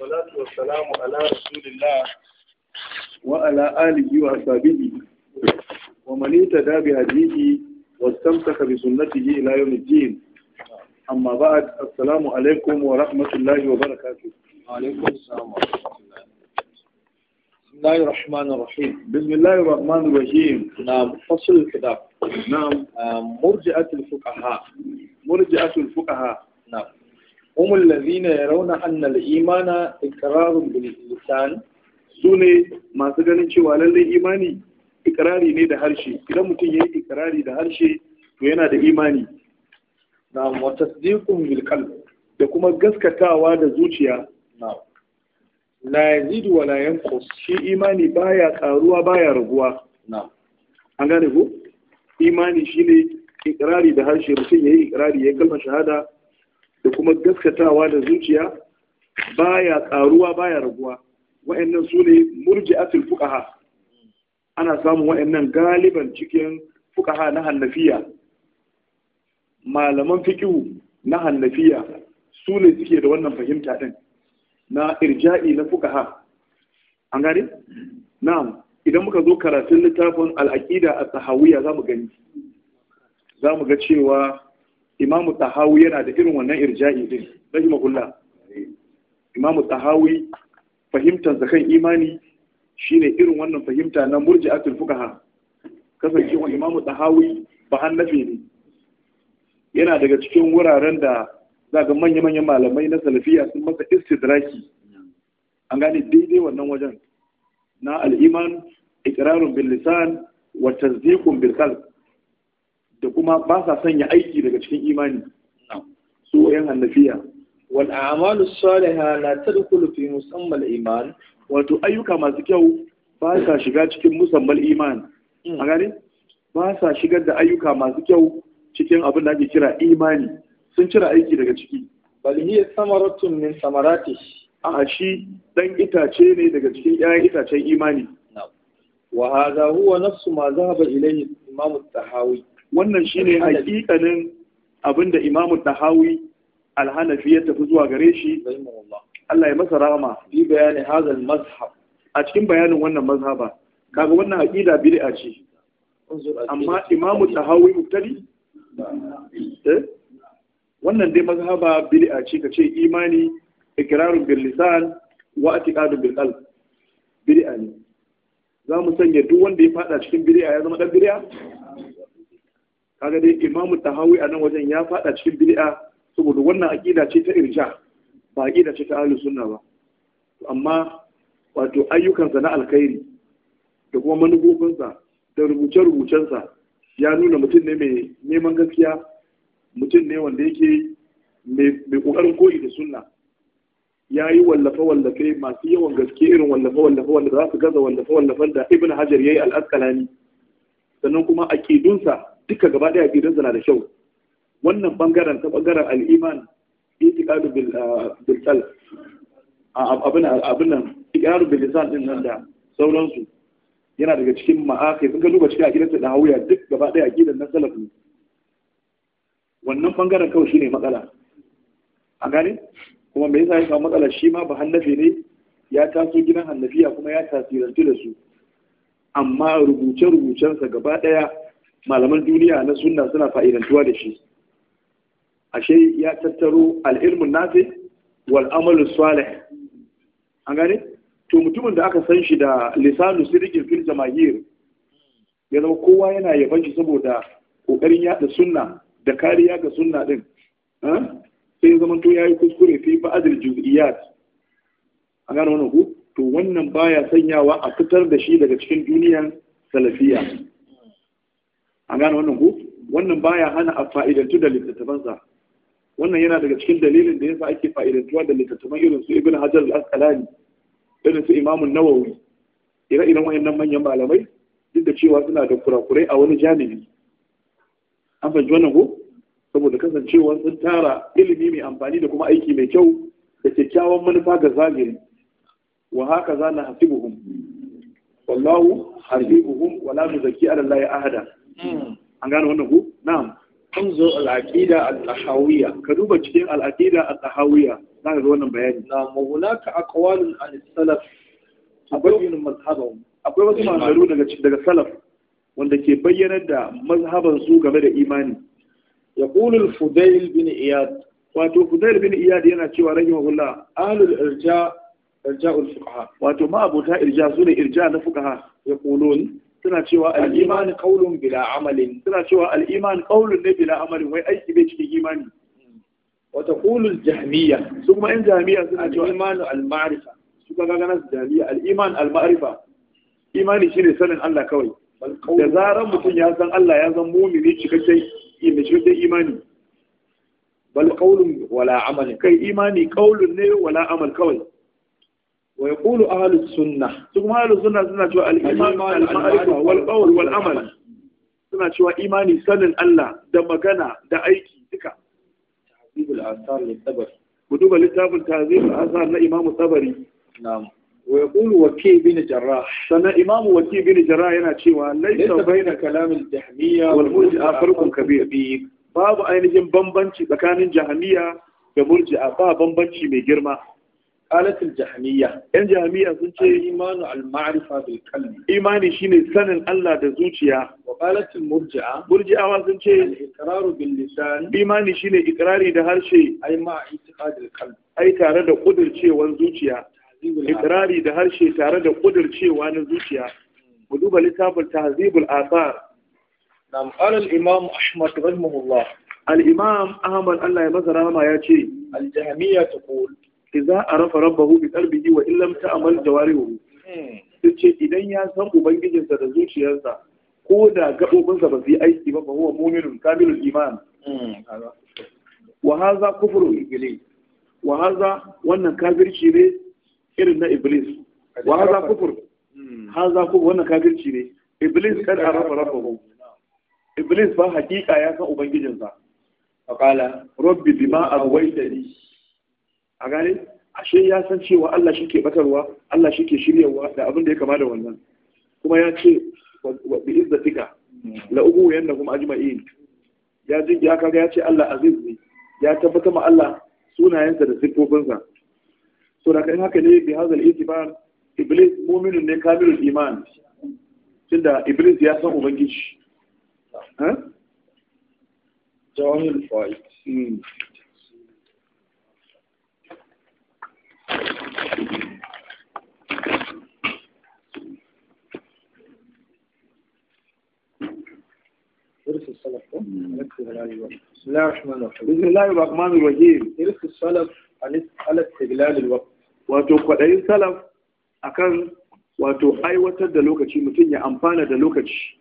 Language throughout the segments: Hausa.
والصلاة والسلام على رسول الله وعلى آله وأصحابه ومن اهتدى بهديه واستمسك بسنته إلى يوم الدين أما بعد السلام عليكم ورحمة الله وبركاته وعليكم السلام ورحمة الله بسم الله الرحمن الرحيم بسم الله الرحمن الرحيم نعم فصل الكتاب نعم آه، مرجئة الفقهاء مرجئة الفقهاء نعم humul lazina yarawna anna al-imana iqrarun bil lisan sune masu ganin cewa lallai imani ikrari ne da harshe idan mutum yayi ikrari da harshe to yana da imani na'am wa tasdiqun bil da kuma gaskatawa da zuciya na'am la yazidu wa la shi imani baya karuwa baya raguwa an gane ko imani shine ikrari da harshe mutum yayi ikrari ya kalmar shahada da kuma gaskatawa da zuciya baya karuwa baya raguwa wa'annan su ne murji murji'atul fukaha. ana samun wa'annan galiban cikin fukaha na hannafiya malaman fikihu na hannafiya su ne suke da wannan fahimta ɗin, na irja'i na fukaha. an gane na'am idan muka zo karatun littafin al'aƙida a sahawiya za mu gani za mu ga cewa imamu tahawi yana da irin wannan irja'i din rahimahullah imamu tahawi fahimtar kan imani shine irin wannan fahimta na murji'atul fuqaha kasancewa imamu tahawi ba hannafi ne yana daga cikin wuraren da za ga manya-manyan malamai na salafiya sun masa istidraki an gane daidai wannan wajen na al'iman ikirarun bil lisan wa tasdiqun bil da kuma ba sa sanya aiki daga cikin imani su yan hannafiya wal a'malu salihah la tadkhulu fi musammal iman wato ayyuka masu kyau ba sa shiga cikin musammal iman hmm. a gare ba sa shigar da ayyuka masu kyau cikin abin da ake kira imani sun cire aiki daga ciki bal hiya samaratun min samarati a shi dan itace ne daga cikin 'ya'yan itacen imani wa hadha huwa nafsu ma zahaba ilayhi imam sahawi. tahawi wannan shine hakikanin abinda imamu hawi alhanafi ya tafi zuwa gare shi Allah ya masa rahama bi bayanin hadal mazhab a cikin bayanin wannan mazhaba kaga wannan aqida bid'a ce amma imamu da hawi eh wannan dai mazhaba bid'a ce kace imani ikrarun bil lisan wa i'tiqadun bil qalb bid'a ne za mu sanya duk wanda ya fada cikin bid'a ya zama dan bid'a kaga dai imamu tahawi a nan wajen ya fada cikin bid'a saboda wannan aqida ce ta irja ba aqida ce ta ahlus sunna ba amma wato ayyukansa na alkhairi da kuma manufofinsa da rubuce-rubucensa ya nuna mutum ne mai neman gaskiya mutum ne wanda yake mai kokarin koyi da sunna ya yi wallafe-wallafe masu yawan gaske irin wallafe-wallafe wanda za su gaza wallafe-wallafen da ibn hajar ya yi al'askalani sannan kuma akidunsa duka gaba daya gidan na da kyau wannan bangaren ta bangaren al'iman itiqadu bil ah, bil qalb ah, abin abin nan iqraru bil lisan din nan da sauransu yana daga cikin ma'afi sun ka duba a gidansa da hauya duk gaba daya aqidan na salaf ne wannan bangaren kawai shine matsala a gane kuma me yasa ya samu matsala shi ma ba hannafi ne ya taso gidan hannafiya kuma ya tasirantu da su amma rubuce-rubucensa gaba daya malaman duniya na sunna suna fa'idantuwa da shi ashe ya tattaro al’ilmin nafi wal amalu salih an gane to mutumin da aka san shi da lisanu sirrin fil jama'ir ya zama kowa yana yaban shi saboda kokarin yada sunna da kariya ga sunna din sai zama to yayi kuskure fi ba'dil juz'iyat an gane wannan ku to wannan baya sanyawa a fitar da shi daga cikin duniyan salafiya an gane wannan ku, wannan baya hana a fa'idantu da littattafansa wannan yana daga cikin dalilin da yasa ake fa'idantuwa da littattafan irin su ibn hajar al-asqalani irin su imamu nawawi ire-iren wayannan manyan malamai duk da cewa suna da kurakurai a wani jami'i an fahimci wannan ku, saboda kasancewa sun tara ilimi mai amfani da kuma aiki mai kyau da kyakkyawan manufa ga zahiri wa haka za na hasibuhum wallahu hasibuhum wala muzaki ala lahi ahada Mm. an gano wannan ku na'am انظر العقيدة الطحاوية كذوب تشين العقيدة الطحاوية لا يقولون بيان نعم وهناك أقوال عن السلف تبين مذهبهم akwai wasu manzaru daga daga salaf wanda ke bayyana da mazhaban su game da imani ya qulul fudail bin iyad wato fudail bin iyad yana cewa rahimahullah ahlul irja irja'ul fuqaha wato ma abota irja su ne irja na fuqaha ya qulun suna cewa al'imani iman qaulun bila amalin suna cewa al-iman ne bila amalin wai aiki bai cikin imani wa taqulu al su kuma in jahmiyya suna cewa al al-ma'rifa su ka gana jahmiyya al-iman al-ma'rifa imani shine sanin Allah kawai da zarar mutum ya san Allah ya san mumini cikakken mai cikakken imani bal qaulun wala amal kai imani qaulun ne wala amal kawai wa yaqulu ahlus sunnah su kuma ahlus sunnah suna cewa al-iman al suna cewa imani sanin Allah da magana da aiki duka ku duba littafin tahzibul asar na imam tabari na'am wa yaqulu waki bin jarrah sanan yana cewa laysa baina kalam al-jahmiyya wal murji'a babu ainihin bambanci tsakanin jahmiya da murji'a ba bambanci mai girma قالت الجهمية الجهمية سنتي إيمان المعرفة بالقلب إيماني شيني سنن الله دزوتيا وقالت المرجعة مرجعة سنتي الإقرار باللسان إيماني شيني إقراري دهار شيء أي مع اعتقاد القلب أي تارد قدر شيء وانزوتيا إقراري دهار شيء تارد قدر شيء وانزوتيا مدوب لتاب التهذيب الآثار نعم قال الإمام أحمد رحمه الله الإمام أحمد الله يمزر ما يأتي الجهمية تقول idza arafa rabbahu bi qalbihi wa illam ta'mal jawarihu yace idan ya san ubangijinsa da zuciyarsa ko da gabobinsa ba su yi aiki ba fa huwa mu'minun kamilul iman hmm, wa hadha kufru iblis wa hadha wannan kafirci ne irin na iblis wa hadha kufr hmm. hadha kufr wannan kafirci ne iblis kan arafa rabbahu iblis ba hakika ya san ubangijinsa faqala rabbi bima aghwaytani a gane ashe ya san cewa Allah shi ke batarwa Allah shi ke shiryarwa, da abin da ya kama da wannan kuma ya ce wa bi izzatika la ugu yannakum ajma'in ya ji ya kaga ya ce Allah aziz ne ya tabbata ma Allah sunayensa da sifofinsa so da kan haka ne bi hazal itibar iblis mu'minun ne kamilul iman tunda iblis ya san ubangiji ha إرث السلف بسم الله الرحمن الرحيم بسم الله الرحمن الرحيم إرث السلف على استغلال الوقت wato kwaɗayin salaf akan wato aiwatar da lokaci mutum ya amfana da lokaci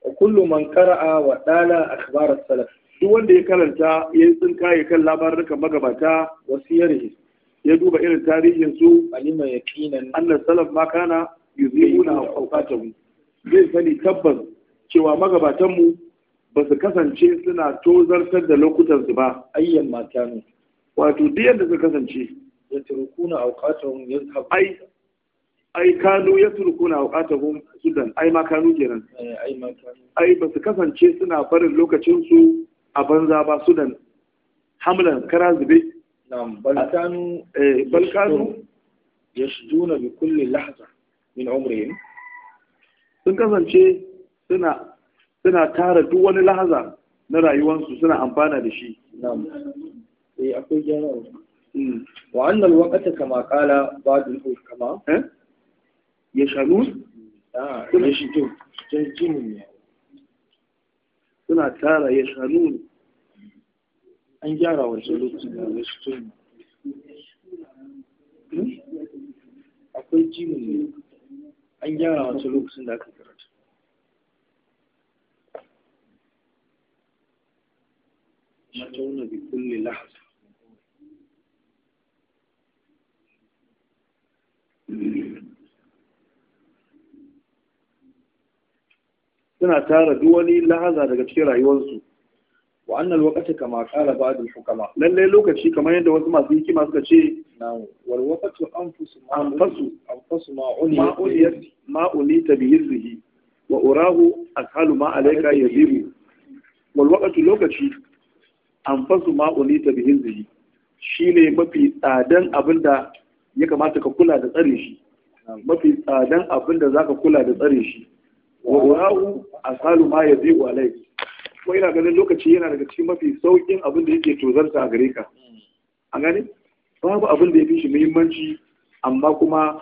a kullu man qara'a wa dala akhbar salaf duk wanda ya karanta ya tsinka ya kan labarukan magabata wasiyarhi ya duba irin tarihin su alima yaqinan annas salaf ma kana yuzibuna awqatahu zai sani tabbas cewa magabatanmu ba su kasance suna tozartar da lokutansu ba ayyan mata ne wato duk yadda su kasance ya turkuna auqatahum yazhab ai ai kanu ya turkuna na sudan ai ma kanu kenan eh, ai ma ai ba su kasance suna barin lokacinsu a banza ba sudan hamlan kara zube na'am bal kanu eh bal kanu yashduna bi kulle lahza min umrihim sun kasance suna suna tara duk wani lahaza na rayuwarsu suna amfana da shi na'am eh akwai gyara hmm. wa annal waqta kama qala ba'd al kama eh ya shanu ah ya shito jinjin ne suna tara ya shanu an gyara wa lokacin ya shito hmm? akwai jimin ne an gyara wa lokacin da aka يأتون بكل لحظة suna tara duk wani lahaza daga cikin rayuwarsu wa annal waqti kama qala ba'd al hukama lalle lokaci kamar yadda wasu masu hikima suka ce wal waqtu anfusu anfusu anfusu ma uli ma ulita bi hizrihi wa urahu ashalu ma alayka yazibu wal waqtu lokaci anfasu ma'uli ta bihin zai ne mafi tsadan abin da ya kamata ka kula da tsare shi mafi tsadan abin da zaka kula da tsare shi wa urahu asalu ma yazi'u alayhi kuma ina ganin lokaci yana daga cikin mafi saukin abin da yake tozarta a gare ka an gani babu abin da ya fi shi muhimmanci amma kuma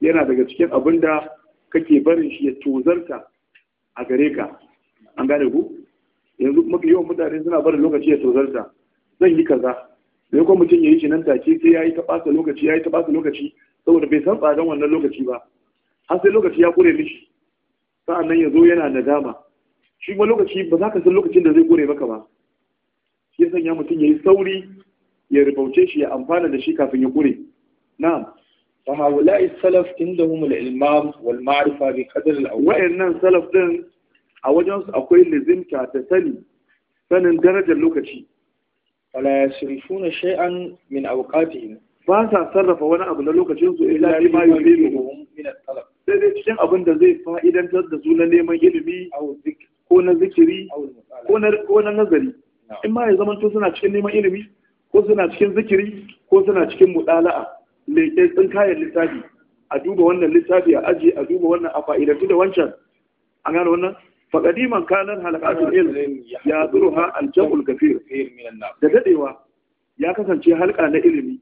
yana daga cikin abin da kake barin shi ya tozarta a gare ka an gane ku yanzu mafi yawan mutane suna barin lokaci ya tozarta zan yi kaza da kuma mutum ya yi shi nan take sai ya yi ta ɓata lokaci ya yi ta ɓata lokaci saboda bai san tsadan wannan lokaci ba har sai lokaci ya kure mishi sa'an nan ya zo yana nadama shi ma lokaci ba za ka san lokacin da zai kure maka ba shi ya sanya mutum ya yi sauri ya rubauce shi ya amfana da shi kafin ya kure na'am fa haula'i salaf indahum al-ilmam wal ma'rifa bi qadr al-awwal wa'annan salaf din a wajensu akwai lizimta da sani sanin darajar lokaci wala yasrifuna shay'an min awqatihim ba sa sarrafa wani abu na lokacin su ila bi ma yulimu min talab sai dai cikin abin da zai fa'idantar da su na neman ilimi ko na zikiri ko na nazari in ma ya zamanto suna cikin neman ilimi ko suna cikin zikiri ko suna cikin mutala'a leƙen tsin kayan littafi a duba wannan littafi a aji a duba wannan a fa'idantu da wancan an gane wannan faƙadiman kanar halakatun ilmi ya zuru ha aljamul gafir da dadewa ya kasance halka na ilimi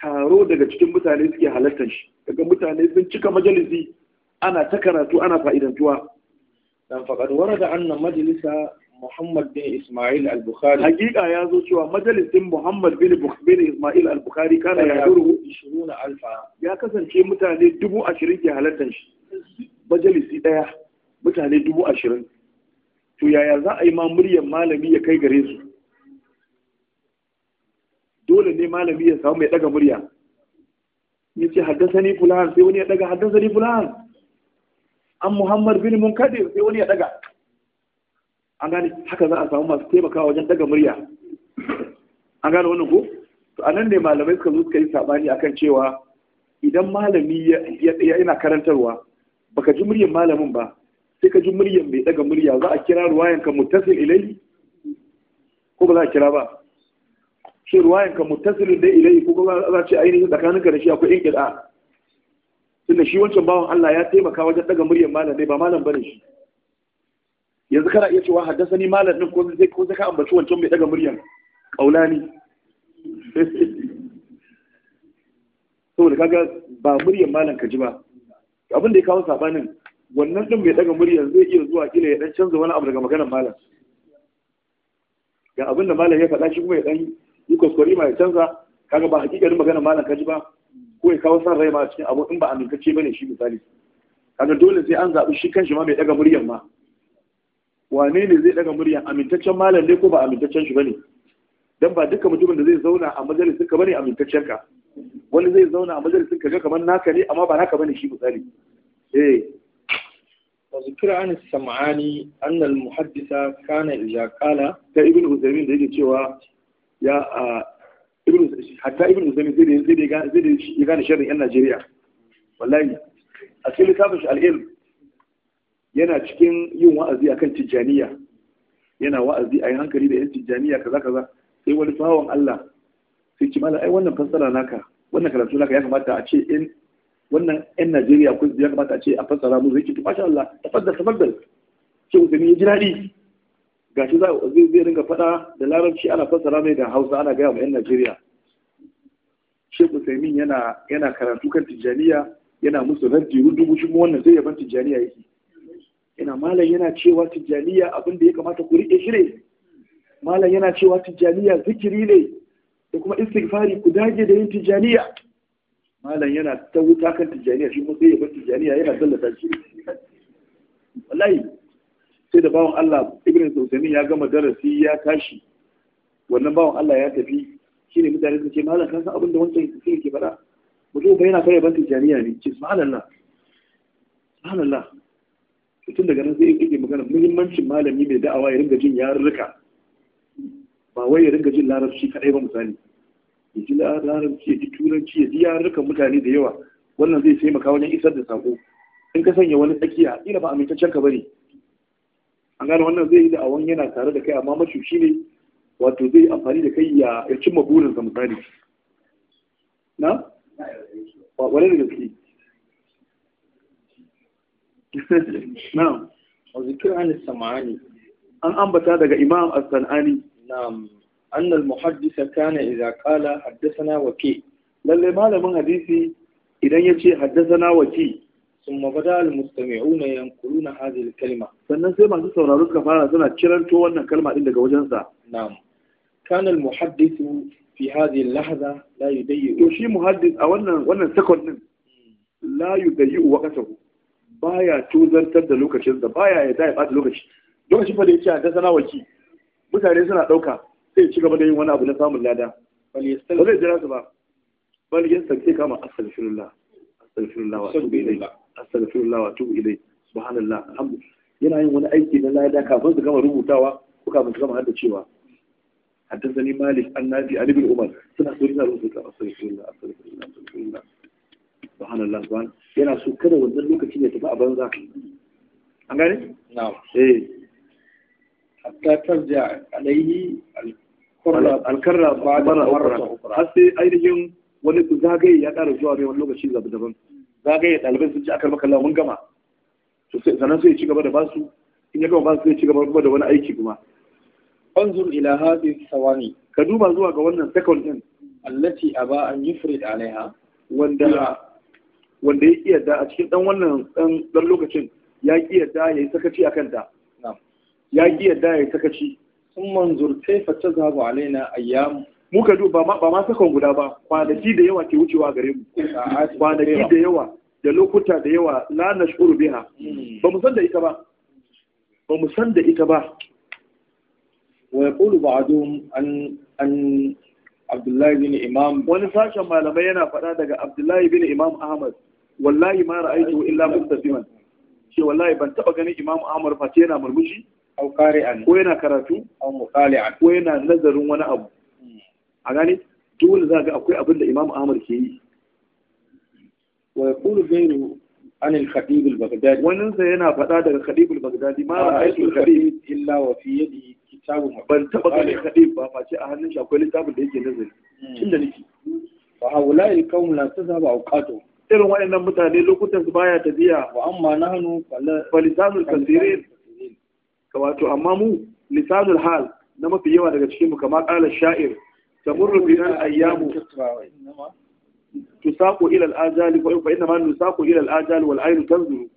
taro daga cikin mutane suke halartar shi daga mutane sun cika majalisi ana ta karatu ana fa'idantuwa dan faqad warada anna majalisa Muhammad bin Ismail al-Bukhari hakika ya zo cewa majalisin Muhammad bin bin Ismail al-Bukhari kana ya duru 20000 ya kasance mutane 20 ke halartar shi majalisi daya mutane dubu ashirin to yaya za a yi ma muryar malami ya kai gare su dole ne malami ya samu mai daga murya ya ce haddasa ni fulan sai wani ya daga haddasa ni fulan an muhammad bin munkadir sai wani ya daga an gane haka za a samu masu taimakawa wajen daga murya an gane wani ko to anan ne malamai suka zo suka yi sabani akan cewa idan malami ya ina karantarwa baka ji muryar malamin ba sai ka ji muryan mai daga murya za a kira ruwayan ka muttasil ilai? ko ba za a kira ba shi ruwayan ka muttasilun dai ilai? ko ba za a ce ainihin tsakaninka da shi akwai inqida tunda shi wancan bawan Allah ya taimaka wajen daga muryan malam ne ba malam bane shi yanzu kana iya cewa haddasa ni malam din ko zai ko zai ka ambaci wancan bai daga muryan kaulani saboda kaga ba muryan malam ka ji ba abin da ya kawo sabanin wannan ɗin mai ɗaga muryan zai iya zuwa kila ya ɗan canza wani abu daga maganar malam ga abin da malam ya faɗa shi kuma ya ɗan yi kuskure ma ya canza kaga ba hakikarin maganar malam ka ji ba ko ya kawo san rai ma cikin abu in ba amintacce bane shi misali kaga dole sai an zaɓi shi kanshi ma mai ɗaga muryan ma wane ne zai ɗaga muryan amintaccen malam ne ko ba amintaccen shi bane dan ba dukkan mutumin da zai zauna a majalisin ka bane amintaccen ka wani zai zauna a majalisin ka ga kamar naka ne amma ba naka bane shi misali eh وذكر عن السمعاني أن Muhaddisa, كان إذا قال ده ابن عثيمين ده يجي يا ابن حتى ابن عثيمين زي زي زي يغان yana cikin yin wa'azi akan tijjaniya yana wa'azi a yi hankali da yan tijjaniya kaza kaza sai wani bawan Allah sai ci ai wannan fassara naka wannan karatu naka ya kamata a ce in wannan yan Najeriya kun ya kamata a ce a fassara mu zai kitu masha Allah tafaddal tafaddal ce mutum ya ji daɗi gashi za a zai zai ringa faɗa da larabci ana fassara mai da Hausa ana gaya wa yan Najeriya Sheikh Usaimin yana yana karatu kan Tijjaniya yana musu raddi rudubu shi wannan zai yaban Tijjaniya yake yana malam yana cewa Tijjaniya abin da ya kamata ku riƙe shi ne malam yana cewa Tijjaniya zikiri ne da kuma istighfari ku dage da yin Tijjaniya malam yana ta wuta kan tijjaniya shi kuma sai ya bar tijjaniya yana tallata shi wallahi sai da bawan Allah Ibrahim Sautani ya gama darasi ya tashi wannan bawan Allah ya tafi shine mutane suke malam kansa san abin da wancan su ke faɗa mutum bai yana kai ban tijjaniya ne ce subhanallah subhanallah tun daga nan sai in magana muhimmancin malami mai da'awa ya ringa jin yarurruka ba wai ya ringa jin larabci kadai ba misali ya ji larabci ya ji turanci ya ji yarurrukan mutane da yawa wannan zai taimaka wajen isar da sako in ka sanya wani tsakiya ina ba amintaccen ka bane an gane wannan zai yi da awon yana tare da kai amma shi ne wato zai amfani da kai ya cimma burinsa misali na wani da gaske na wa zikir an samani an ambata daga imam as-sanani na'am annal muhaddisa kana idza qala haddathana waki lalle malamin hadisi idan yace haddathana waki summa bada al mustami'una yanquluna hadhihi al kalima sannan sai masu sauraro suka fara suna kiranto wannan kalma din daga wajen na'am kana muhaddisu fi hadhihi al lahza la yudayyi to shi muhaddis a wannan wannan second din la yudayyi waqtahu baya tuzartar da lokacinsa baya ya da ya bata lokaci lokacin fa da yake haddathana waki mutane suna ɗauka. sai ci gaba da yin wani abu na samun lada ba zai jira su ba bal yasta kama astaghfirullah astaghfirullah wa tubu ilai astaghfirullah wa tubu ilai subhanallah yana yin wani aiki na lada kafin su gama rubutawa ko kafin su gama hada cewa مالك عن نافع عن ابن عمر سنة سورينا رسولك أستغفر الله أستغفر الله أستغفر الله سبحان الله سبحان alkarra ba da marra har sai ainihin wani zagaye ya ƙara zuwa mai wani lokaci zabi daban zagaye ɗalibai sun ci akar makalla mun gama to sai sannan sai ci gaba da basu in ya gama basu sai ci gaba da wani aiki kuma anzur ila hadhihi sawani ka duba zuwa ga wannan second din allati aba an yufrid alaiha wanda wanda ya kiyarda a cikin dan wannan dan lokacin ya kiyarda yayi sakaci akan ta ya kiyarda yayi sakaci sun manzur kaifa tazhabu alaina ayyamu muka duba ba ma sakon guda ba kwanaki da yawa ke wucewa gare mu kwanaki da yawa da lokuta da yawa la nashkuru biha ba mu san da ita ba ba mu san da ita ba wa yaqulu ba'dhum an an Abdullahi bin Imam wani sashen malamai yana faɗa daga Abdullahi bin Imam Ahmad wallahi ma ra'aytu illa mustafiman shi wallahi ban taba ganin Imam Ahmad face yana murmushi au qari'an ko yana karatu au mutali'an ko yana nazarin wani abu hmm. a gane dole za ga akwai abin da Imam Ahmad ke yi wa yaqulu ghayru an al-khatib al-baghdadi wannan sa yana faɗa daga khatib al-baghdadi ma ra'aytu al-khatib illa wa fi yadihi kitabu ban taɓa ganin khatib ba face a hannun shi akwai littafin da yake nazari hmm. tunda nake fa haula al-qawm la tazaba awqatuhum irin waɗannan mutane lokutan su baya tafiya wa amma nahnu falisanul kasirin wato amma mu lisanul hal na mafi yawa daga cikin mu kamar qala sha'ir tamurru bi al ayyamu tusaqu ila al ajali fa inna ma nusaqu ila al ajali wal ayn tanzuru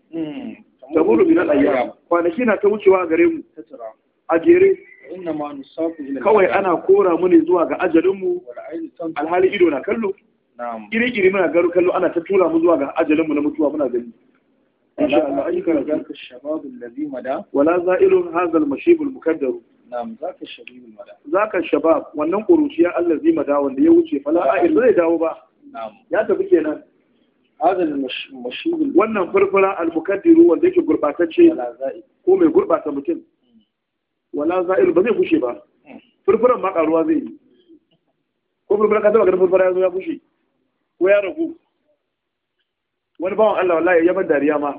tamurru bi al ayyam kwanaki na ta wucewa gare mu a jere kawai ana kora mu ne zuwa ga ajalin mu alhali ido na kallo iri iri muna garu kallo ana ta tura mu zuwa ga ajalin mu na mutuwa muna gani إن شاء الله أيك ذاك الشباب الذي مدى ولا زائل هذا المشيب المكدر نعم ذاك الشباب المدى ذاك الشباب wannan wanda ya wuce fala a zai dawo ba ya tafi kenan هذا المشيب wannan furfura al-mukaddir wanda yake gurbatacce ko mai gurbata mutum wala za'il ba zai kushe ba furfuran ma zai yi ko furfura ka taba ganin furfura ya ya ko ya ragu wani bawan Allah wallahi ya bar dariya ma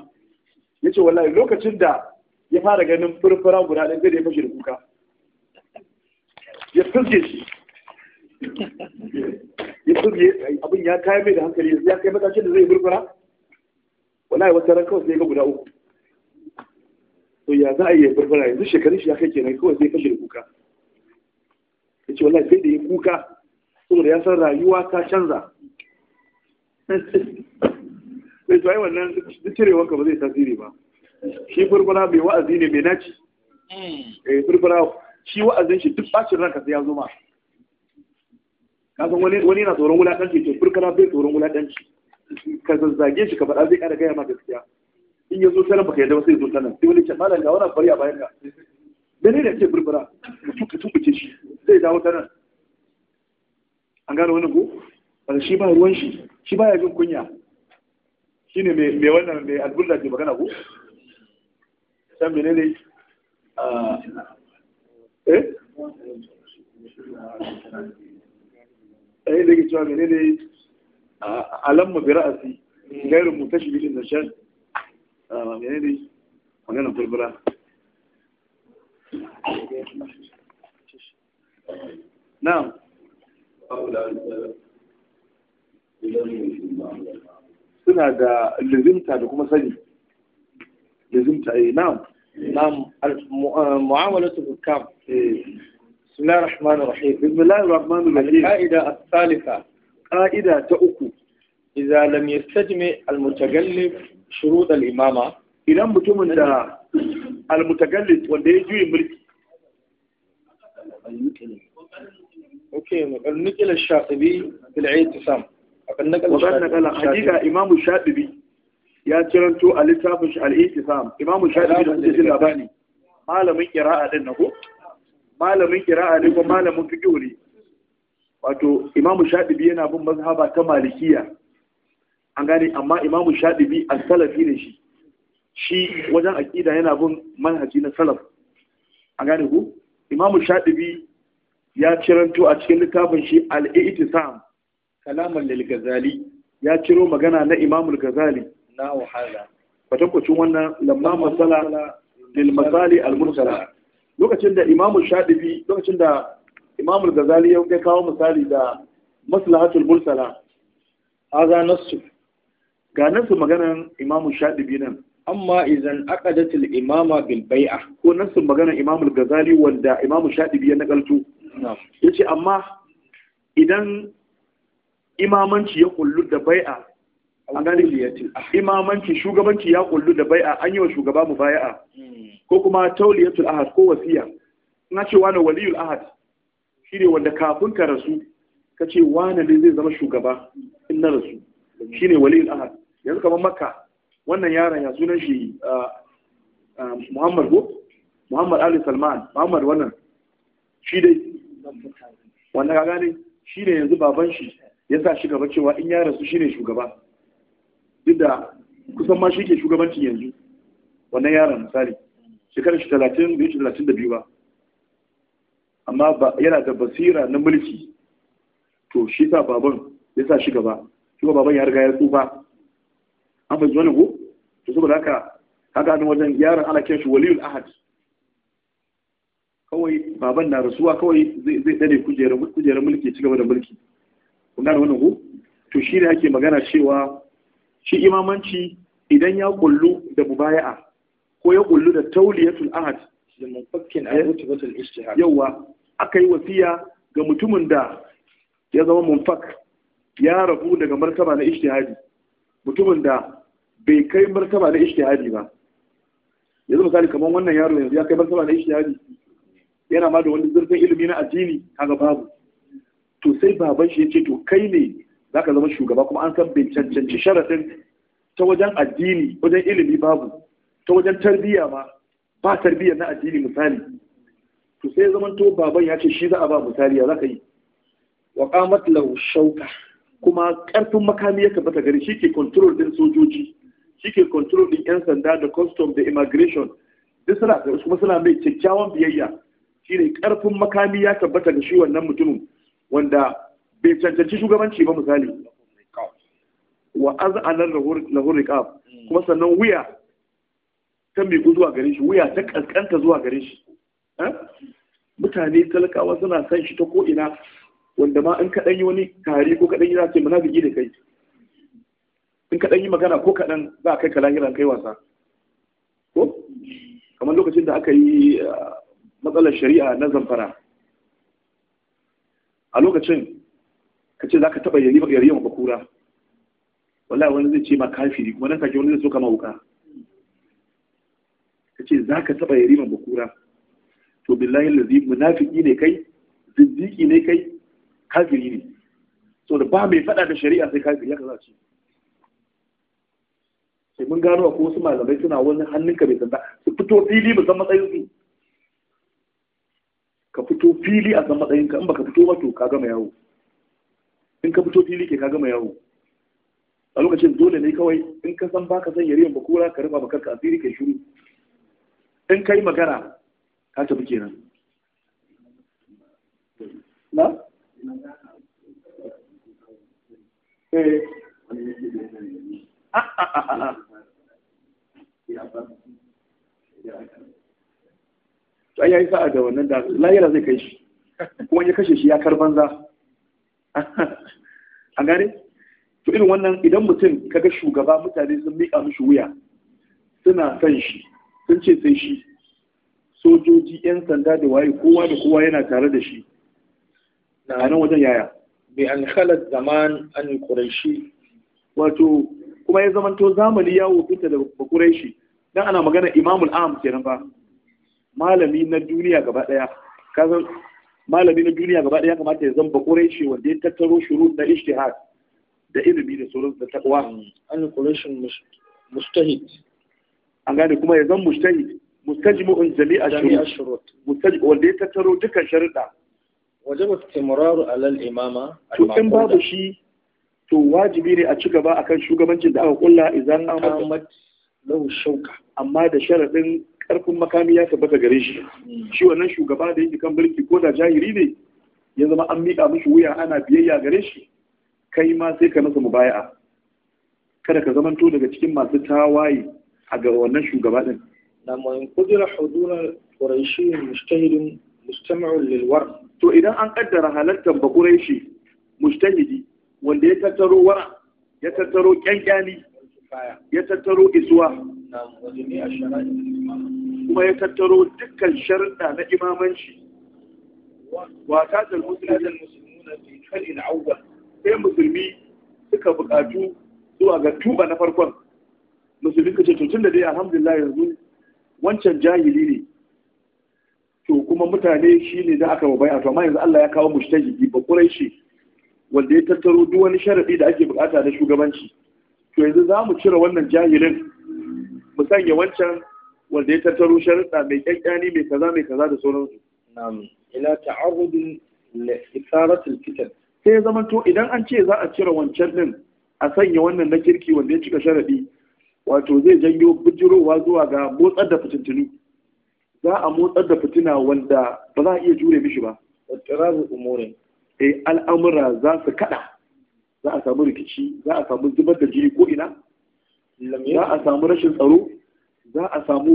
yace wallahi lokacin da ya fara ganin furfura guda ɗin zai ya fashe da kuka ya furge shi ya furge abin ya kai mai da hankali ya kai matakin da zai furfura wallahi wata ran kawai sai ga guda uku to ya za a yi furfura yanzu shekarun shi ya kai kenan kawai sai fashe da kuka yace wallahi sai da ya kuka saboda ya san rayuwa ta canza sai tsaye wannan cirewan ka ba zai tasiri ba shi furfura mai wa'azi ne mai naci hmm. eh furfura shi wa'azin shi duk bacin ranka sai ya zo ma kasan wani wani na tsoron wulaɗanci to furfura bai tsoron wulaɗanci ka zazzage shi ka faɗa zai ƙara gaya ma gaskiya in ya zo sanan baka yadda ba sai zo sanan sai wani ce malam ga wani bari a bayan ka ne da ke furfura ka tumbuce shi zai dawo sanan an gano wani ku? ko shi ba ruwan shi shi ba ya jin kunya shine mai wannan mai albulla ke magana ku san menene ah, eh eh da ke cewa menene ah, alamma bi ra'asi gairu mutashibilin da shan ah, menene wannan bulbula suna da lizimta da kuma sani lizimta eh na'am na'am eh, mu'amalatu hukam بسم الله الرحمن الرحيم بسم الله الرحمن الرحيم القاعدة الثالثة قاعدة تأكو إذا لم يستجمع المتغلب شروط الإمامة إذا متوم المتغلب وده يجوي ملك أوكي المثل الشاطبي في الاعتصام وقد نقل حقيقة إمام الشاطبي يا ترنتو الاتفاق الالتزام إمام الشاطبي ده سجل الأباني malamin kira'a din nago malamin kira'a ne ko malamin fiqh ne wato imamu shadibi yana bin mazhaba ta malikiya an gane amma imamu shadibi as-salafi ne shi shi wajen aqida yana bin manhaji na salaf an gane ku imamu shadibi ya ciranto a cikin littafin shi al-i'tisam kalaman lil Gazali ya ciro magana na imamul gazali na wahala Kwata-kwacin wannan lamma masala lil masali al mursala lokacin da imamul shadibi lokacin da imamul gazali ya kawo misali da maslahatul mursala haza nasu. ga nasu maganan imamul shadibi nan amma idan aqadatul imama bil bai'a ko nasu maganan imamul gazali wanda imamul shadibi ya nakalto yace amma idan imamanci ya kullu da bai'a an gane imamanci shugabanci ya kullu da bai'a an yi wa shugaba mu bai'a hmm. ko kuma tauliyatul ahad ko wasiya na ce wani waliyul ahad shine wanda kafin ka rasu ka ce wani ne zai zama shugaba in na rasu shine waliyul ahad yanzu kamar makka wannan yaron ya sunan shi muhammad ko muhammad ali salman muhammad wannan shi dai wannan ka gane shi ne yanzu baban shi ya sa shi gaba cewa in ya rasu shi ne shugaba duk da kusan ma shi ke shugabancin yanzu wannan yaron misali shekarar shi talatin bai shi talatin da biyu ba amma yana da basira na mulki to shi sa baban ya sa shi gaba shi baban ya riga ya tsufa an fahimci wani ko to saboda haka haka nan wajen yaron ana kyan shi waliyul ahad kawai baban na rasuwa kawai zai dade kujerar mulki ci gaba da mulki kun gane wannan ku? to shi ne ake magana cewa shi imamanci idan ya kullu da mubaya'a ko ya kullu da tauliyatul ahad da mafakkin ayyukatul ijtihad yawa aka yi wasiya ga mutumin da ya zama munfak ya rabu daga martaba na ijtihadi mutumin da bai kai martaba na ijtihadi ba yanzu misali kamar wannan yaro yanzu ya kai martaba na ijtihadi yana ma da wani zurfin ilimi na addini kaga babu to sai baban shi ya ce to kai ne za ka zama shugaba kuma an san bai cancanci sharafin ta wajen addini wajen ilimi babu ta wajen tarbiyya ma ba tarbiyya na addini misali to sai zaman to baban ya ce shi za a ba misali ya za ka yi wa qamat lahu shauka kuma karfin makami ya tabbata gari shi ke control din sojoji shi ke control din yan sanda da custom da immigration duk suna kuma suna mai kyakkyawan biyayya shine karfin makami ya tabbata ga shi wannan mutumin wanda bai cancanci shugabanci ba misali wa az'anar lahur riqab hmm. kuma sannan wuya ta miƙu zuwa gare shi wuya ta kaskanta zuwa gare shi eh? mutane talakawa suna san shi ta ko'ina wanda ma in kaɗan yi wani tari ko kaɗan yi za ce bigi da kai in kaɗan yi magana ko kaɗan za a kai ka lahiran kai wasa ko kamar lokacin da aka yi ah, matsalar shari'a na zamfara a lokacin ka ce za ka taɓa yari yawan bakura wallahi wani zai ce ma kafiri kuma nan take wani zai so kama wuka ka ce za ka taɓa yari yawan bakura to billahi lazi munafiki ne kai zindiki ne kai kafiri ne so da ba mai faɗa da shari'a sai kafiri ya za ce sai mun gano ko wasu malamai suna wani hannunka bai san ba su fito fili ba san matsayin su ka fito fili a san matsayinka in baka fito ba to ka gama yawo in ka fito fili ke ka gama yawo a lokacin dole ne kawai in ka san baka san yariyan ba kura ka rufa bakarka asiri kai shiru in kai magana ka tafi kenan na eh a ah, a ah, a ah, a to ai yayi sa'a da wannan da lahira zai kai shi kuma ya kashe shi ya kar banza an gane to irin wannan idan mutum kaga shugaba mutane sun miƙa mishi wuya suna son shi sun ce sai shi sojoji yan sanda da waye kowa da kowa yana tare da shi a nan wajen yaya bi an khalat zaman an quraishi wato kuma ya zamanto zamani ya wuce da quraishi dan ana magana imamul am kenan ba malami na duniya gaba daya kaga malami na duniya gaba daya kamata ya zamba quraishi wanda ya tattaro shuru na ijtihad da ilimi da sauran da takwa an quraishin mustahid an gane kuma ya zan mustahid mustajmu'un jami'a shurut mustajib wanda ya tattaro dukkan sharuda wajaba istimraru ala al-imama to in babu shi to wajibi ne a ci gaba akan shugabancin da aka kulla idan an amma da sharadin karfin makami ya tabbata gare shi shi wannan shugaba da yake kan birki ko da jahiri ne ya zama an miƙa mishi wuya ana biyayya gare shi kai ma sai ka mu mubaya'a kada ka zamanto daga cikin masu tawaye a ga wannan shugaba din na mai kudura hudurar quraishi mujtahidin mustami'un lilwar to idan an kaddara halattar ba quraishi mujtahidi wanda ya tattaro wara ya tattaro kyankyani ya tattaro isuwa kuma ya tattaro dukkan sharuɗa na imamanci wa ta da musulmuna fi kalin auwa sai musulmi suka buƙatu zuwa ga tuba na farkon musulmi ka ce to tunda dai alhamdulillah yanzu wancan jahili ne to kuma mutane shi ne a aka bai to amma yanzu Allah ya kawo mushtahidi ba shi wanda ya tattaro duk wani sharadi da ake buƙata na shugabanci to yanzu za mu cire wannan jahilin mu sanya wancan wanda ya tattaro sharuɗa mai ƙyanƙyani mai kaza mai kaza da sauransu na'am ila ta'arrudin isaratul fitan sai ya zama to idan an ce za a cire wancan din a sanya wannan na kirki wanda ya cika sharaɗi wato zai janyo bijirowa zuwa ga motsar da fitintinu. za a motsar da fitina wanda ba za a iya jure mishi ba wattirazu umurin eh al'amura za su kaɗa. za a samu rikici za a samu zubar da jini ko ina za a samu rashin tsaro za a samu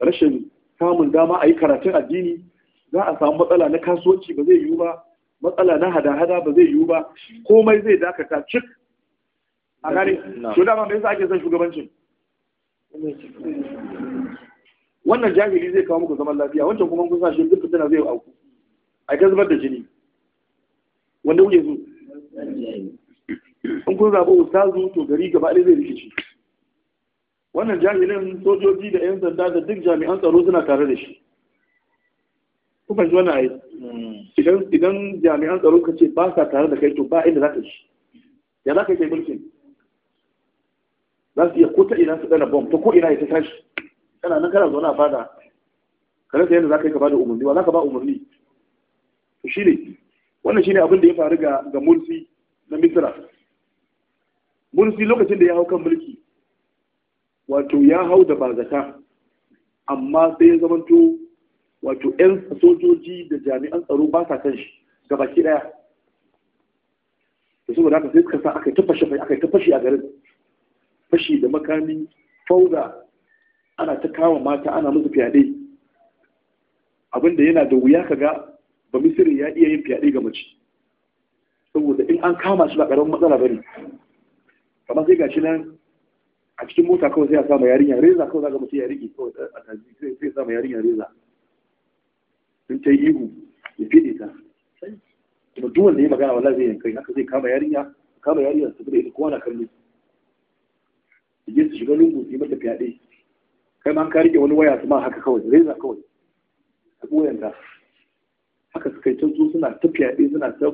rashin samun dama a yi karatun addini za a samu matsala na kasuwanci ba zai yiwu ba matsala na hada-hada ba zai yiwu ba komai zai dakata cik a gane to dama mai yasa ake son shugabancin wannan jahili zai kawo muku zaman lafiya wancan kuma kusa shi duk tana zai auku a ga zubar da jini wanda kuke so in kun zaɓi ustazu to gari gaba ɗaya zai rikici wannan jami'in sojoji da 'yan sanda da duk jami'an tsaro suna tare da shi kuma shi wannan ai hmm. idan jami'an tsaro ka ce ba sa tare da kai to ba inda za ka shi ya za ka kai mulkin za su iya ko ta ina su dana bom ta ko ina ya ta tashi kana nan kana zaune a fada ka rasa yadda za ka yi ka bada umarni ba za ka ba umarni to ne wannan shine abin da ya faru ga ga mulki na misira mulki lokacin da ya hau kan mulki wato ya hau da bazata amma sai ya zamanto wato 'yan sojoji da jami'an tsaro ba sa kan shi ga baki daya da saboda haka sai suka sa aka ta fashe aka ta fashi a garin fashi da makami fauda ana ta kawo mata ana musu fyaɗe abinda yana da wuya kaga ba misirin ya iya yin fyaɗe ga mace saboda in an kama shi ba ƙaramin matsala bane kamar sai gashi nan a cikin mota kawai sai a sa sama yarinya reza kawai zaka mutum ya rike kawai a tazi sai sai sama yarinya reza in ta yi ihu ya fide ta kuma duk wanda ya magana wallahi zai yankai haka zai kama yarinya kama yarinya su bude ita kowa na kallo je su shiga lungu su yi mata fyaɗe kai ma ka rike wani waya su ma haka kawai reza kawai a wayan ta haka suka yi ta suna ta fyaɗe suna ta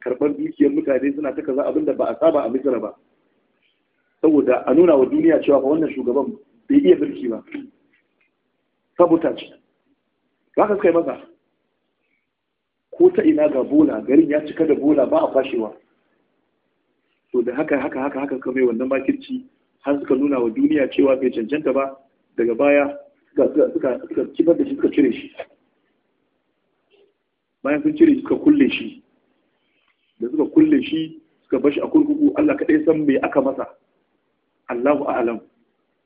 karɓar dukiyar mutane suna ta kaza abinda ba a saba a misira ba saboda a nuna wa duniya cewa fa wannan shugaban bai iya birki ba sabuta ce ba ka kai maza ko ta ina ga bola garin ya cika da bola ba a fashewa to da haka haka haka haka kame wannan makirci har suka nuna wa duniya cewa bai cancanta ba daga baya suka kifar da shi suka cire shi bayan sun cire shi suka kulle shi da suka kulle shi suka bashi a kurkuku Allah kaɗai san me aka masa Allahu a'lam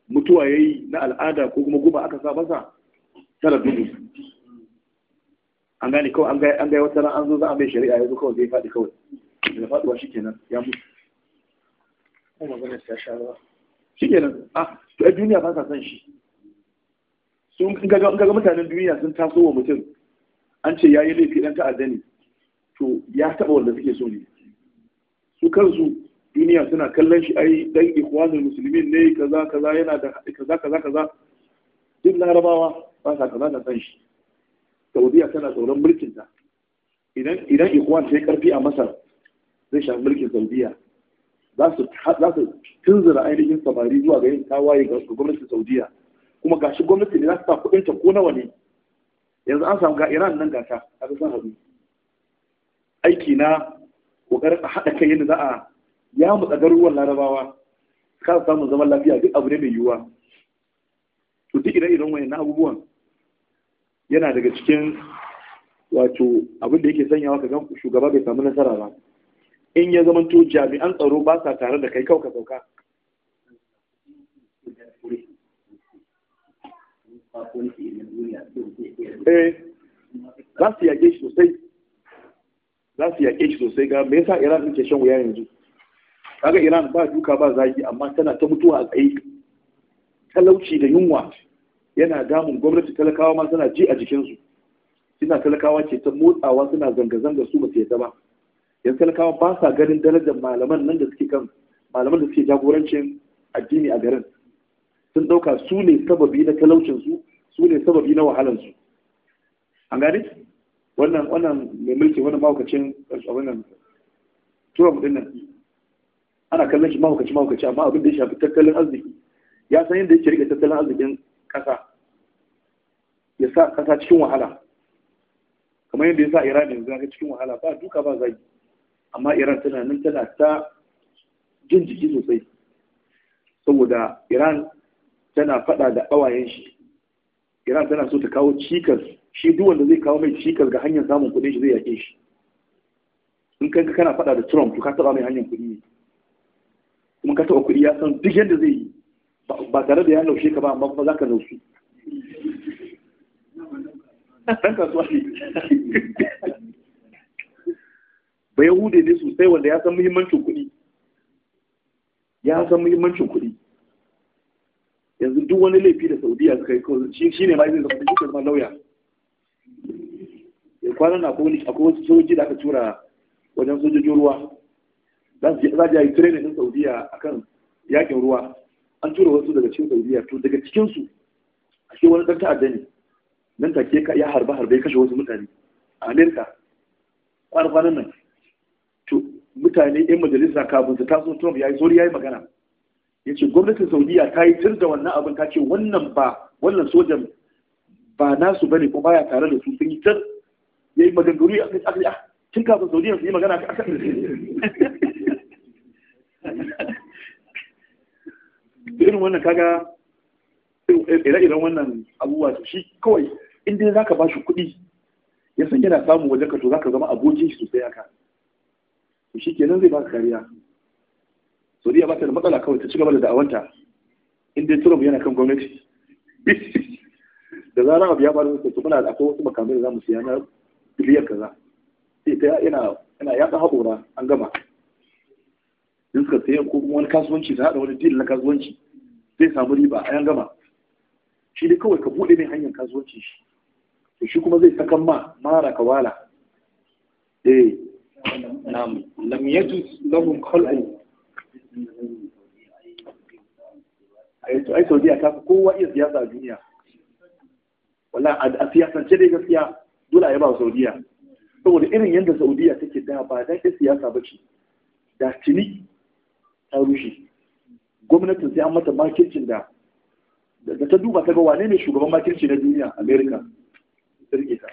mutuwa yayi na al'ada ko kuma guba aka sa tara dubu an gane kawai an gaya an wata ran an zo za a mai shari'a yanzu kawai zai faɗi kawai daga faɗuwa shikenan ya mutu ko magana ta sha ruwa shikenan ah to ai duniya ba sa son shi sun ga mutanen duniya sun taso wa mutum an ce ya yi laifi ɗan ta'adda to ya taɓa wanda suke so ne su kansu duniya suna kallon shi ai dan ikhwanul muslimin ne kaza kaza yana da kaza kaza kaza duk larabawa ba sa kaza da san shi saudiya tana tsoron mulkin ta idan idan ikhwan sai karfi a masar zai shafi mulkin saudiya za su za su tunzura ainihin samari zuwa ga yin tawaye ga gwamnatin saudiya kuma gashi gwamnati ne za su sa kuɗin ta ko nawa ne yanzu an samu ga iran nan gata a san hadu aiki na kokarin a haɗa kai yadda za a ya mutsa garuruwan larabawa kan samun zaman lafiya duk abu ne mai yiwuwa to duk ire iren wayannan abubuwan yana daga cikin wato abin da yake sanyawa ka gan shugaba bai samu nasara ba in ya zama to jami'an tsaro ba sa tare da kai kauka sauka eh, za su yaƙe shi sosai za su yaƙe shi sosai ga me yasa Iran ke shan wuya yanzu kaga iran ba duka ba zagi amma tana ta mutuwa a tsaye talauci da yunwa yana damun gwamnati talakawa ma tana ji a jikinsu suna talakawa ce ta motsawa suna zanga-zanga su ba su yadda ba yanzu talakawa ba sa ganin darajar malaman nan da suke kan malaman da suke jagorancin addini a garin sun ɗauka su ne sababi na talaucinsu su ne sababi na wahalansu an gane wannan wannan mai mulki wannan mahaukacin wannan trump din nan ana kallon shi mahaukaci mahaukaci amma abin da ya shafi tattalin arziki ya san yadda yake rike tattalin arzikin ƙasa ya sa ƙasa cikin wahala kamar yadda ya sa iran yanzu ga cikin wahala ba duka ba zagi amma iran tana nan tana ta jin jiki sosai saboda iran tana fada da ɓawayen shi iran tana so ta kawo cikas shi duk wanda zai kawo mai cikas ga hanyar samun kuɗin shi zai yake shi in kanka kana fada da trump to ka taɓa mai hanyar kuɗi ne kuma ka taɓa kuɗi ya san duk yadda zai yi ba tare da ya laushe ka ba amma kuma za ka laushe ɗan kasuwa ne ba hude ne sosai wanda ya san muhimmancin kuɗi ya san muhimmancin kuɗi yanzu duk wani laifi da saudiya suka yi kawai shi ne ma zai zama duk zama lauya ya kwana na akwai wasu sojoji da aka tura wajen sojojin ruwa za su yi training din saudiya akan yakin ruwa an tura wasu daga cikin saudiya to daga cikinsu a ke wani dan ta'adda ne nan take ya harba harbe kashe wasu mutane a amerika kwanakwanan nan to mutane yan majalisa kafin su taso trump ya yi sori ya yi magana ya ce gwamnatin saudiya ta yi tir da wannan abin ta ce wannan ba wannan sojan ba nasu bane ko baya tare da su sun yi tir ya yi maganganu a kan ah, tun kafin saudiya su yi magana a kan irin wannan kaga ire-iren wannan abubuwa to shi kawai in dai ka ba shi kuɗi ya san yana samun waje ka to ka zama abokin shi sosai haka to shi kenan zai ba ka kariya Saudiya ba ta da matsala kawai ta ci gaba da da'awanta in dai Trump yana kan gwamnati da a abu ya faru da su muna akwai wasu makamai da za mu siya na biliyar kaza sai ta yana yana yaɗa haƙora an gama in suka sayan ko kuma wani kasuwanci su haɗa wani deal na kasuwanci zai samu riba a yan gama shi ne kawai ka buɗe mai hanyar kasuwanci shi to shi kuma zai sakan ma mara ka wala eh nam lam yajuz lahum khalqu ai saudiya ta fi kowa iya siyasa a duniya wala a siyasance dai gaskiya dole a yaba wa saudiya saboda irin yadda saudiya take da ba dan ita siyasa ba ce da tuni ta rushe gwamnatin sai an mata makircin da da ta duba ta ga wane ne shugaban makirci na duniya amerika ta rike ta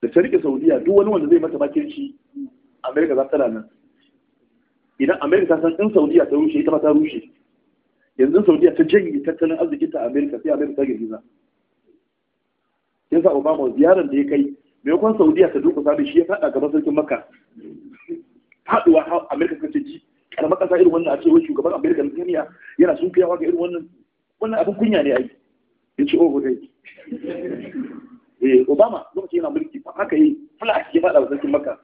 da ta rike saudiya duk wani wanda zai mata makirci amerika za ta nan idan amerika ta san in saudiya ta rushe ita ma ta rushe yanzu saudiya ta janye tattalin arzikinta a amerika sai amerika ta girgiza yasa obama ziyarar da ya kai maimakon saudiya ta duka sabi shi ya faɗa gaban sarkin makka faduwa amerika ta ce ji kana makasa irin wannan a ce wai shugaban Amerika da duniya yana sun ga irin wannan wannan abin kunya ne ai ya ce oh dai eh Obama lokacin yana mulki fa haka yi flash ya fada wa sarkin maka.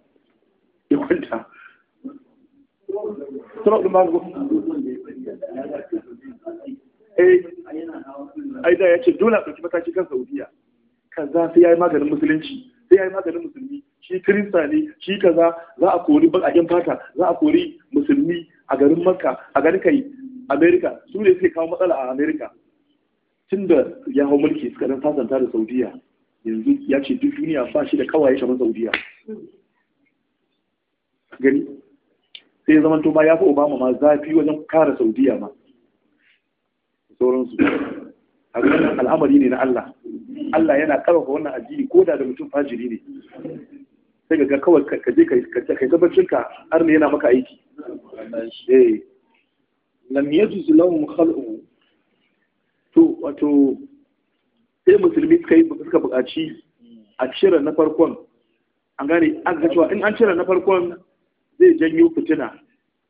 ya kwanta Trump ɗin ba eh, ai da ya ce dole a ɗauki mataki kan Saudiya kan za sai ya yi maganin musulunci sai ya yi maganin musulmi shi kirista ne shi kaza za a kori baƙaƙen fata za a kori musulmi a garin makka a garin kai amerika su ne suke kawo matsala a amerika tun da ya hau mulki suka dan fasanta da saudiya yanzu ya ce duk duniya ba shi da kawaye kamar saudiya gani sai zaman to ma ya fi obama ma zafi wajen kara saudiya ma sauransu a al'amari ne na allah allah yana karfafa wannan addini ko da da mutum fajiri ne sai ga kawai ka je ka gabacin ka har ne yana maka aiki eh lam yajuz lahum khal'u to wato sai musulmi suka yi suka buƙaci a cire na farkon an gane an ga cewa in an cire na farkon zai janyo fitina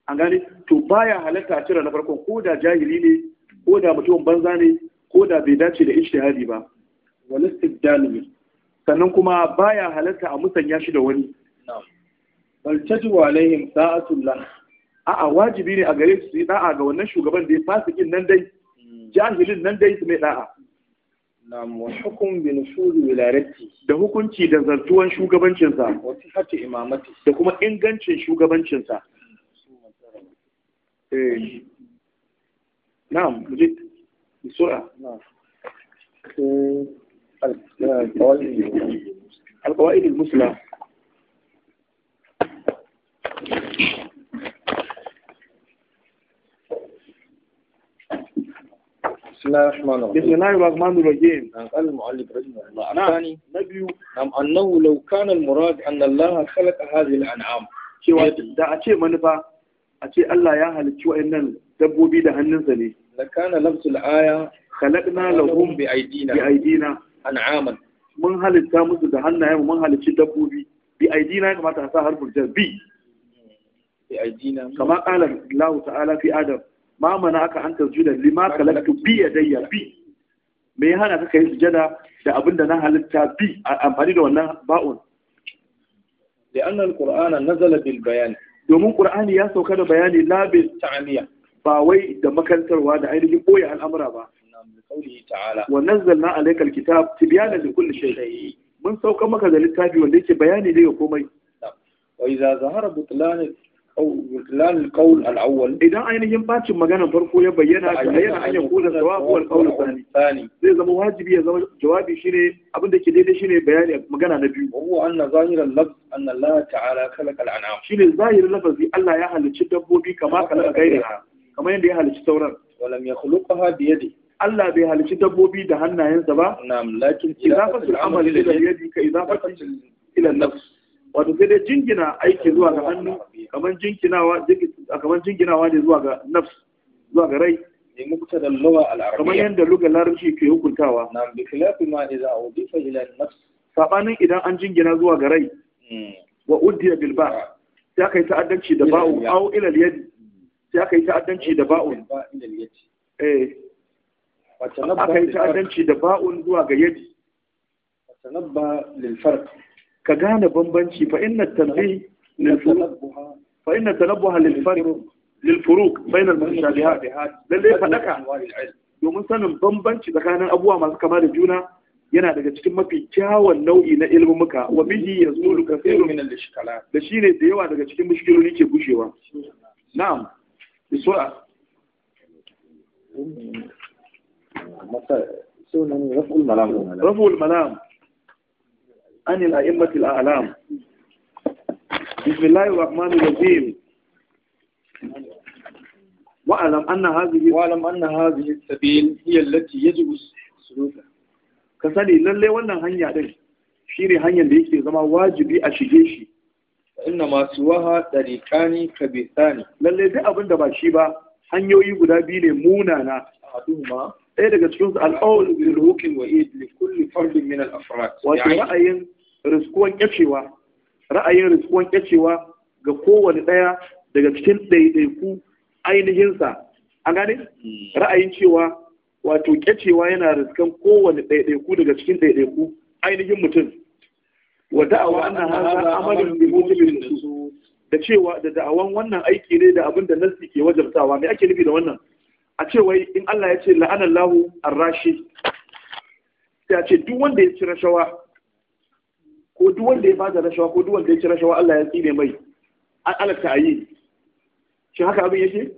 an gane to baya halatta a cire na farkon ko da jahili ne ko da mutum banza ne ko da bai dace da ishtihadi ba wal istibdal sannan kuma baya halarta a musanya shi da wani bal wa alaihim sa'atullah a'a wajibi ne a gare su yi da'a ga wannan shugaban da ya fasikin nan dai hmm. jahilin nan dai su mai da'a na'am wa hukum bi nushur wilayati da hukunci da zartuwan shugabancinsa Wasu sihhatu imamati da kuma ingancin shugabancinsa eh na'am mujid bisura na'am eh. القوائد المثلى بسم الله الرحمن الرحيم نعم. قال المعلق رحمه الله نعم. نبي نعم أنه لو كان المراد أن الله خلق هذه الأنعام شو دا أشيء ما نفع أشيء الله يهل شو إن دبوا بيده النزلي لكان لفظ الآية خلقنا لهم بأيدينا بأيدينا an'aman mun halitta musu da hannayen mun halicci dabbobi bi aidina ya kamata a sa harfin jar bi bi aidina kama qala Allah ta'ala fi adam ma mana aka an tasjuda lima kalaktu bi yadayya bi me ya hana ka kai sujada da abinda na halitta bi amfani da wannan ba'un لأن القرآن نزل بالبيان domin Qur'ani ya sauka da bayani la bil ta'liya ba wai da makantarwa da ainihin boye al'amura ba لقوله تعالى ونزلنا عليك الكتاب تبيانا لكل شيء من سوق مكة للتابي وليك بياني لي وكومي وإذا ظهر بطلان أو بطلان القول الأول إذا أين ينبات مجانا فرقو يبينا بيانا أن يقول الجواب هو القول الثاني زي زمو واجبي زمو جوابي شيني أبن دك دي شيني بياني مجانا نبي وهو أن ظاهر اللفظ أن الله تعالى خلق الأنعام شيني ظاهر اللفظ الله يهل تشدبو بي كما خلق غيرها كما يندي يهل تشتورن ولم يخلقها بيده Allah bai halici dabbobi da hannayensa ba na'am lakin amali ka ila nafs wato sai dai jingina aiki zuwa ga hannu kamar jinginawa kamar ne zuwa ga nafs zuwa ga rai kamar yadda lugar larabci ke hukuntawa na'am idan an jingina zuwa ga rai hmm. wa udiya bil ba sai kai ta'addanci da ba'u ila al sai yi eh. ta'addanci da ba'u aka yi ta'addanci da ba'un zuwa ga yadi tanabba lil farq ka gane bambanci fa inna tanbih lil furuq fa inna tanabbuha lil farq lil furuq bain al mutashabihat lalle fadaka domin sanin bambanci tsakanin abubuwa masu kama da juna yana daga cikin mafi kyawun nau'i na ilimin muka wa bihi yazulu kathirun min al ishkalat da shine da yawa daga cikin mushkiloli ke gushewa na'am isura. رفع الملام رفع الملام عن الأئمة الأعلام بسم الله الرحمن الرحيم واعلم أن هذه واعلم أن هذه السبيل هي التي يجب سلوكها كسالي للي wannan hanya din shine hanyar da yake zama wajibi a shige shi inna masu waha dariqani kabithani lalle duk abin da ba shi ba hanyoyi guda biyu ne munana ɗaya daga cikin su al'awul bil hukin wa id li kulli fardin min al wato ra'ayin riskuwan kyacewa ra'ayin riskuwan kyacewa ga kowane ɗaya daga cikin ɗaiɗaiku ainihinsa. A an gane hmm. ra'ayin cewa wato kyacewa yana riskan kowane ɗaiɗaiku daga cikin ɗaiɗaiku ainihin mutum wa da'awa anna hadha amalun bi da su. da cewa da da'awan wannan aiki ne da abin da nassi ke wajabtawa me ake nufi da wannan a ce wai in Allah ya ce la'anallahu arrashi sai a ce duk wanda ya ci rashawa ko duk wanda ya bada rashawa ko duk wanda ya ci rashawa Allah ya tsine mai an alaka ayi shin haka abin yake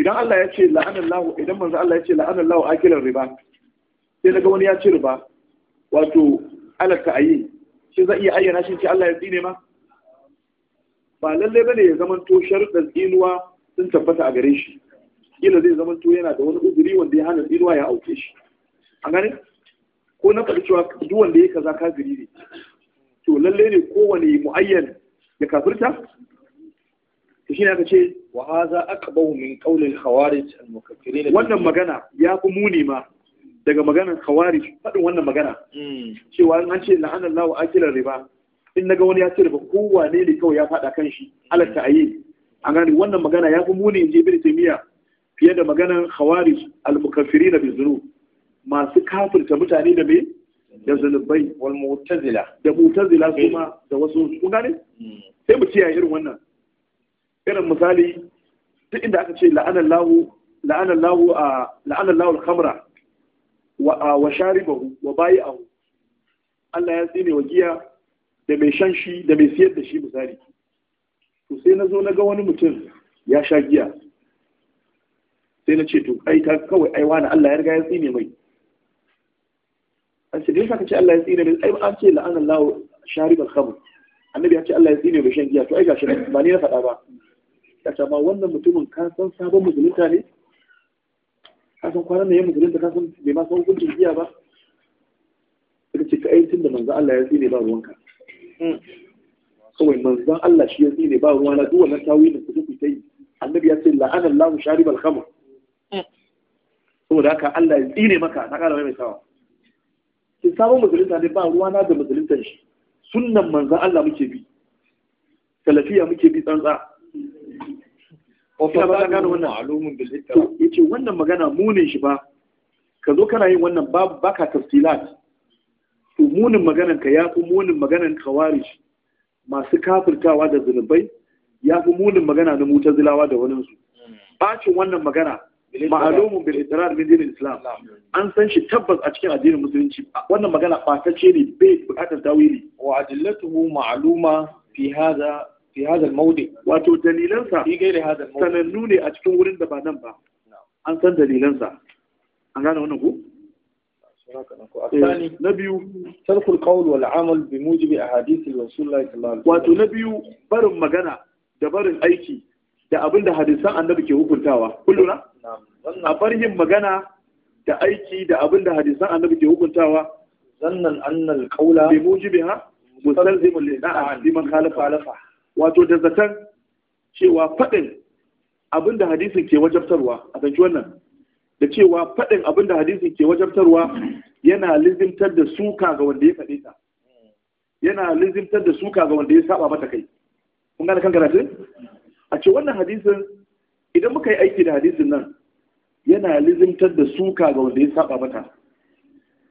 idan Allah ya ce lahu idan manzo Allah ya ce la'anallahu akilar riba sai daga wani ya ci riba wato alaka ayi shi zai iya ayyana shi ce Allah ya tsine ma ba lalle bane ya zamanto sharuɗan tsinuwa sun tabbata a gare shi kila zai zama to yana da wani uzuri wanda ya hana inuwa ya auke shi an gane ko na faɗi cewa duk wanda ya kaza kafiri ne to lalle ne kowane mu'ayyan ya kafirta to shine aka ce wa haza aqbahu min qawli al khawarij al mukaffirin wannan magana ya fi muni ma daga maganar khawarij faɗin wannan magana hmm. cewa an ce lahu akilar riba in naga wani ya ce riba kowane ne kawai ya faɗa kan shi hmm. alal ta'ayyin an gane wannan magana ya fi muni in je bin taymiya fiye da maganar khawarij al-mukaffiri na bizunu masu kafirta mutane da me da zunubai wal mu'tazila da mu'tazila kuma eh. da wasu kun gane hmm. sai mu ciya irin wannan irin misali duk inda aka ce la'anan lahu la'anan lahu a la'anan lahu al-khamra wa wa sharibahu wa Allah ya tsine wa giya da mai shan shi da mai siyar da shi misali to na zo na ga wani mutum ya sha giya sai na ce to ai ta kawai ai wani Allah ya riga ya tsine mai an ce da yasa ce Allah ya tsine mai ai an ce la'anan lahu sharibal khamr annabi ya ce Allah ya tsine mai shan giya to ai gashi ba ni na faɗa ba ta ce ma wannan mutumin ka san sabon musulunta ne ka san kwanan ya musulunta ka san bai ma san hukuncin giya ba suka ce ka aikin da manzo Allah ya tsine ba ruwanka kawai manzon Allah shi ya tsine ba ruwana duk wannan tawilin ku duk ku yi annabi ya ce la'anan lahu sharibal khamr saboda haka Allah ya tsine maka na ƙara mai sawa in sabon musulunta ne ba ruwa na da musuluntan shi sunnan manzan Allah muke bi salafiya muke bi tsantsa ina ba ta gano wannan alumun bil yace wannan magana munin shi ba ka zo kana yin wannan babu baka tafsilat to munin maganan ka yafi munin maganan khawarij masu kafirtawa da zunubai yafi munin magana na mutazilawa da wani su hmm. bacin wannan magana ma'alumun bil idrar min dinin islam an san shi tabbas a cikin addinin musulunci wannan magana batacce ne bai bukatar tawili wa adillatuhu ma'luma fi hadha fi hadha al-mawdi wato dalilansa fi gairi hadha mawdi sanannu ne a cikin wurin da ba nan ba an san dalilansa an gane wannan ku eh, na biyu tarkul qawl wal amal bi mujibi ahadith rasulullah sallallahu alaihi wasallam wato na biyu barin magana da barin aiki da abin da hadisan annabi ke hukuntawa kulluna a bar yin magana da aiki da abin da hadisan annabi ke hukuntawa zannan annal qaula bi mujibiha mustalzimul lida'an liman khalafa wato da zatan cewa fadin abin da hadisin ke wajabtarwa a kanci wannan da cewa fadin abin da hadisin ke wajabtarwa yana lizimtar da suka ga wanda ya faɗe ta hmm. yana lizimtar da suka ga wanda ya saba mata kai kun gane kan karatu hmm. a ce wannan hadisin idan muka yi aiki da hadisin nan yana lizimtar da suka ga wanda ya saba mata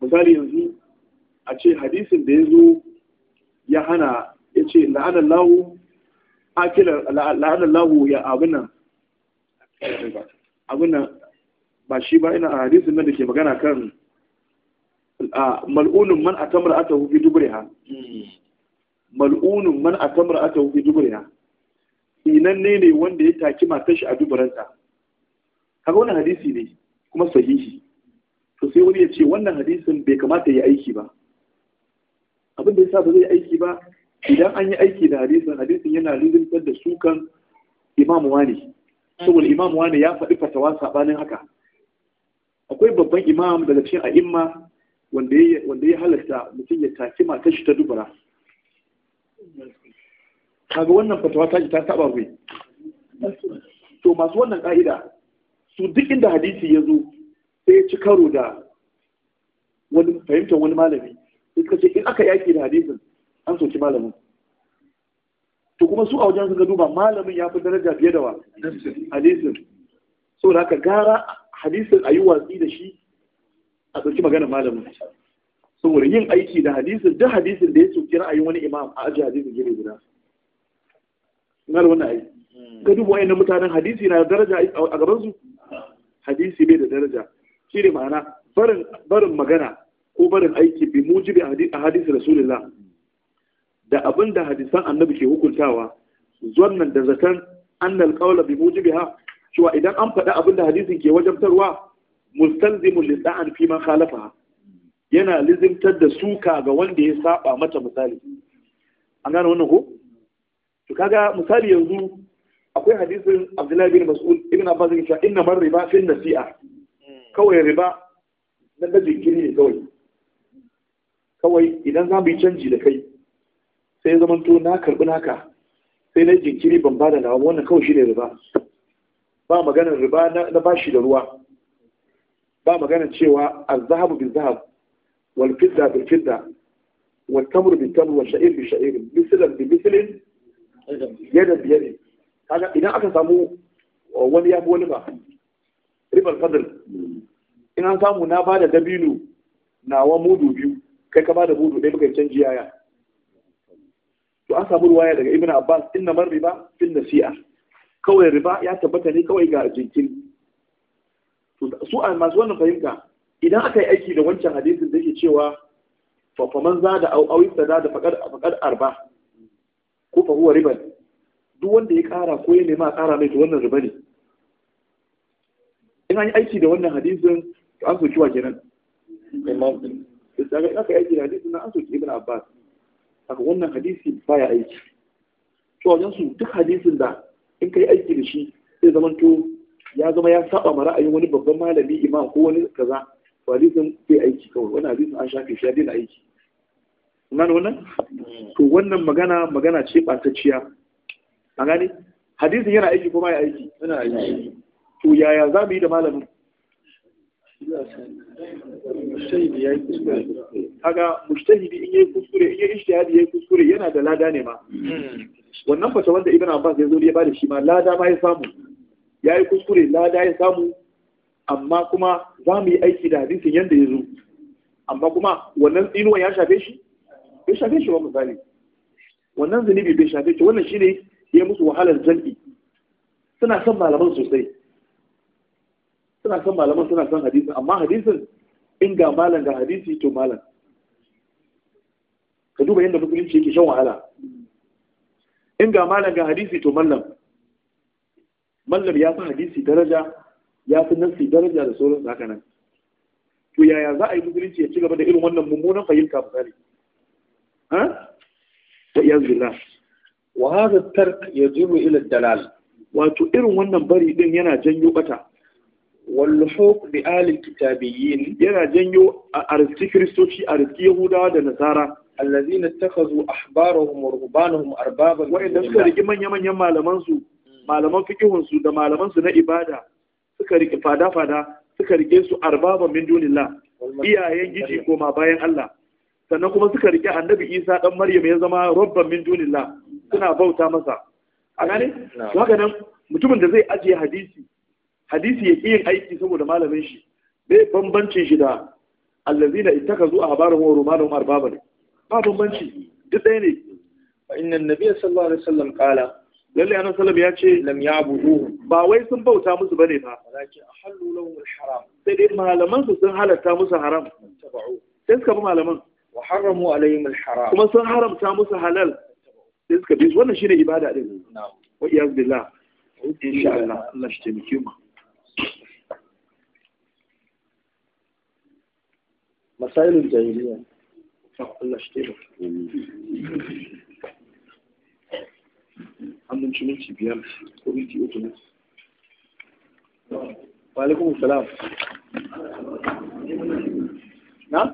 misali yanzu a ce hadisin da ya zo ya hana ya ce la'anar lahu ya abinan nan ba shi ba ina a hadisin nan da ke magana kan "A mal'unun man atamra atahu fi dubriha hmm. mal'unin man atamra atahu fi dubriha Inanne ne wanda ya taki matar shi a duburanta kaga wannan hadisi ne kuma sahihi to sai wani ya ce wannan hadisin bai kamata ya aiki ba abin da yasa ba zai aiki ba idan an yi aiki da hadisin hadisin yana lulluntar da sukan imam wani saboda imam wani ya faɗi fatawa sabanin haka akwai babban imam daga cikin a'imma wanda ya halarta mutum ya taki matar shi ta dubura kaga wannan fatawa ta ta saba wai to masu wannan ka'ida su duk inda hadisi ya zo sai ci karo da wani fahimtar wani malami sai suka ce in aka yaki da hadisin an soki malamin to kuma su a wajen suka duba malamin ya fi daraja fiye da wa hadisin so da haka gara hadisin a yi watsi da shi a ɗauki maganar malamin saboda yin aiki da hadisin duk hadisin da ya soki ra'ayin wani imam a ajiye hadisin gine guda gano wannan ai hmm. ka duba wayannan mutanen hadisi na daraja a gaban su hadisi bai da daraja shi ne ma'ana barin magana ko barin aiki bi mujibi a hadisi rasulullah da abin da hadisan annabi ke hukuntawa zonnan da zaton annal qawla bi mujibiha cewa idan an faɗa abin da hadisin ke wajabtarwa mustalzimul lid'an fi man khalafa yana lizimtar da suka ga wanda ya saba mata misali an gane wannan ko to kaga misali yanzu akwai hadisin Abdullahi bin Mas'ud ibn Abbas yake cewa inna mar riba fil nasi'a hmm. kawai riba na da jinkiri ne kawai kawai idan za mu yi canji da kai sai ya zamanto na karbi naka sai na jinkiri ban bada nawa wannan kawai shi ne riba ba maganar riba na bashi da ruwa ba maganar cewa az-zahabu bil zahab wal fidda bil fidda wal tamru bil tamr wa sha'ir bil sha'ir mislan bi mislin fiye da biyar ne kaga idan aka samu uh, wani ya fi wani ba ribar fadl in an samu na ba da dabino nawa mudu biyu kai ka ba da mudu ɗaya baka canji yaya to an samu ruwaya daga ibn abbas inna mar riba fil nasi'a kawai riba ya tabbata ne kawai ga jinkiri to su a masu wannan fahimta idan aka yi aiki da wancan hadisin da ke cewa fa man zada au awi sada da faqad faqad arba ko fa huwa riba duk wanda ya kara ko ya nema a mai to wannan riba ne in an yi aiki da wannan hadisin to an soki wa kenan da aka aiki da hadisin na an soki ibn abbas daga wannan hadisi baya aiki to wajen su duk hadisin da in kai aiki da shi zai zama to ya zama ya saba mara ra'ayin wani babban malami imam ko wani kaza to hadisin zai aiki kawai Wani hadisin an shafe shi ya daina aiki gane wannan to wannan magana magana ce ɓatacciya a gani? hadisi yana aiki kuma ya aiki yana aiki to yaya za mu yi da malamin kaga mujtahidi in yayi kuskure in yayi ijtihadi yayi kuskure yana da lada ne ma wannan fata wanda ibn abbas ya zo ya bada shi ma lada ma ya samu yayi kuskure lada ya samu amma kuma za mu yi aiki da hadisin yanda ya zo amma kuma wannan tsinuwan ya shafe shi bai shafe shi ba misali wannan zunubi bai shafe shi wannan shine ya musu wahalar jam'i suna son malaman sosai suna son malaman suna son hadisin amma hadisin in ga malam ga hadisi to malam ka duba yadda musulunci yake shan wahala in ga malam ga hadisi to mallam mallam ya fi hadisi daraja ya fi nassi daraja da sauran tsakanin. to yaya za a yi musulunci ya ci gaba da irin wannan mummunan fahimta misali ha? wa hada tark ya zuru ila dalal wato irin wannan bari din yana janyo bata wal huq bi al kitabiyyin yana janyo a arziki a arziki yahudawa da nasara na allazina takhazu ahbarahum wa rubbanahum arbaba wa inda suka rike manya manyan malaman su malaman fikihun da malamansu na ibada suka rike fada fada suka riƙe su arbaba min dunillah iyayen gije ko ma bayan Allah sannan kuma suka rike annabi isa dan maryam ya zama rabban min dunillah suna bauta masa a gane to haka nan mutumin da zai ajiye hadisi hadisi ya ƙi yin aiki saboda malamin shi bai bambancin shi da allazina ittakazu ahbarahum wa rumanahum arbaban ba bambanci duk ɗaya ne fa innan nabiyyu sallallahu alaihi wasallam qala lalle annabi sallallahu ya ce lam ya'budu ba wai sun bauta musu bane fa walakin ahallu lahum alharam sai dai malaman su sun halatta musu haram sai suka bi malaman وحرموا عليهم الحرام كما سن حرم تاموس حلال ديسك بيس وانا شيء عبادة دي نعم وإياذ بالله إن شاء الله الله يشتمك يوم مسائل الجاهلية الله اشتمك عم نشمل شي بيان كوميتي اوتوماتيك وعليكم السلام نعم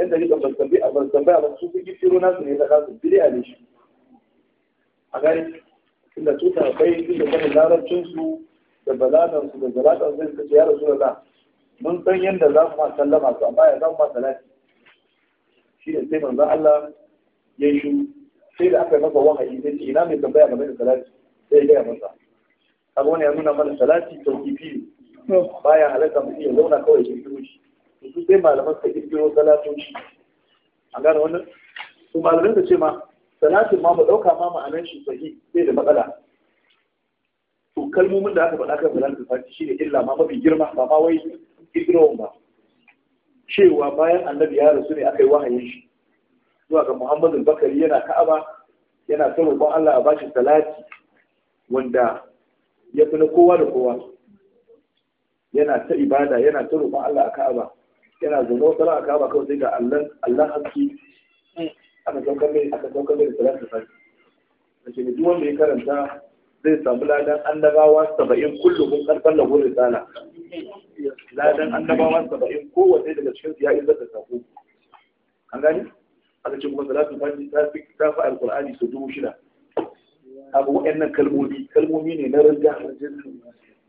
yan dariƙa ba su tambaya ba su sun gifiro nasu ne na nasu a da da da ya rasu da za mun san yadda za mu su za mu ma salati shi ne sai Allah ya yi shu sai da aka yi masa wahayi ina mai tambaya salati sai ya gaya masa abu wani ya nuna mana salati baya halatta mutum ya zauna kawai ya shi su sai malaman suka kirkiro salatoci a gane wannan su malaman ka ce ma salatin ma mu ɗauka ma ma'anar shi sahi sai da matsala to kalmomin da aka faɗa kan salatin fati shine illa ma mafi girma ba ma wai kirkirowan ba cewa bayan annabi ya rasu ne aka yi wahayin shi zuwa ga muhammadu bakari yana ka'aba yana ta roƙon allah a bashi salati wanda ya fi na kowa da kowa yana ta ibada yana ta roƙon allah a ka'aba yana zama wata ra'a kama kawai sai ga Allah haski aka saukar mai aka saukar mai da salatu fari da shi duk wanda ya karanta zai samu ladan annabawa saba'in kullum kun karfan da wurin tsala ladan annabawa saba'in kowace daga cikin su ya isar da sako an gani aka ce kuma salatu fari ta fi ta fi alkur'ani su dubu shida abu wa'annan kalmomi kalmomi ne na rinda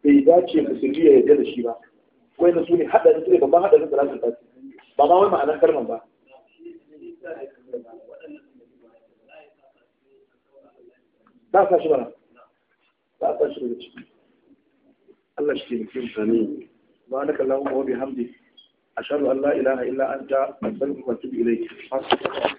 bai dace musulmi ya yarda da shi ba wai na su ne haɗarin su ne babban haɗarin da za su ba ma wai ma'anar kalman ba za a sa shi ba a sa shi daga Allah shi ke mutum sani ba na kallon wa bihamdi ashhadu an la ilaha illa anta astaghfiruka wa atubu ilayk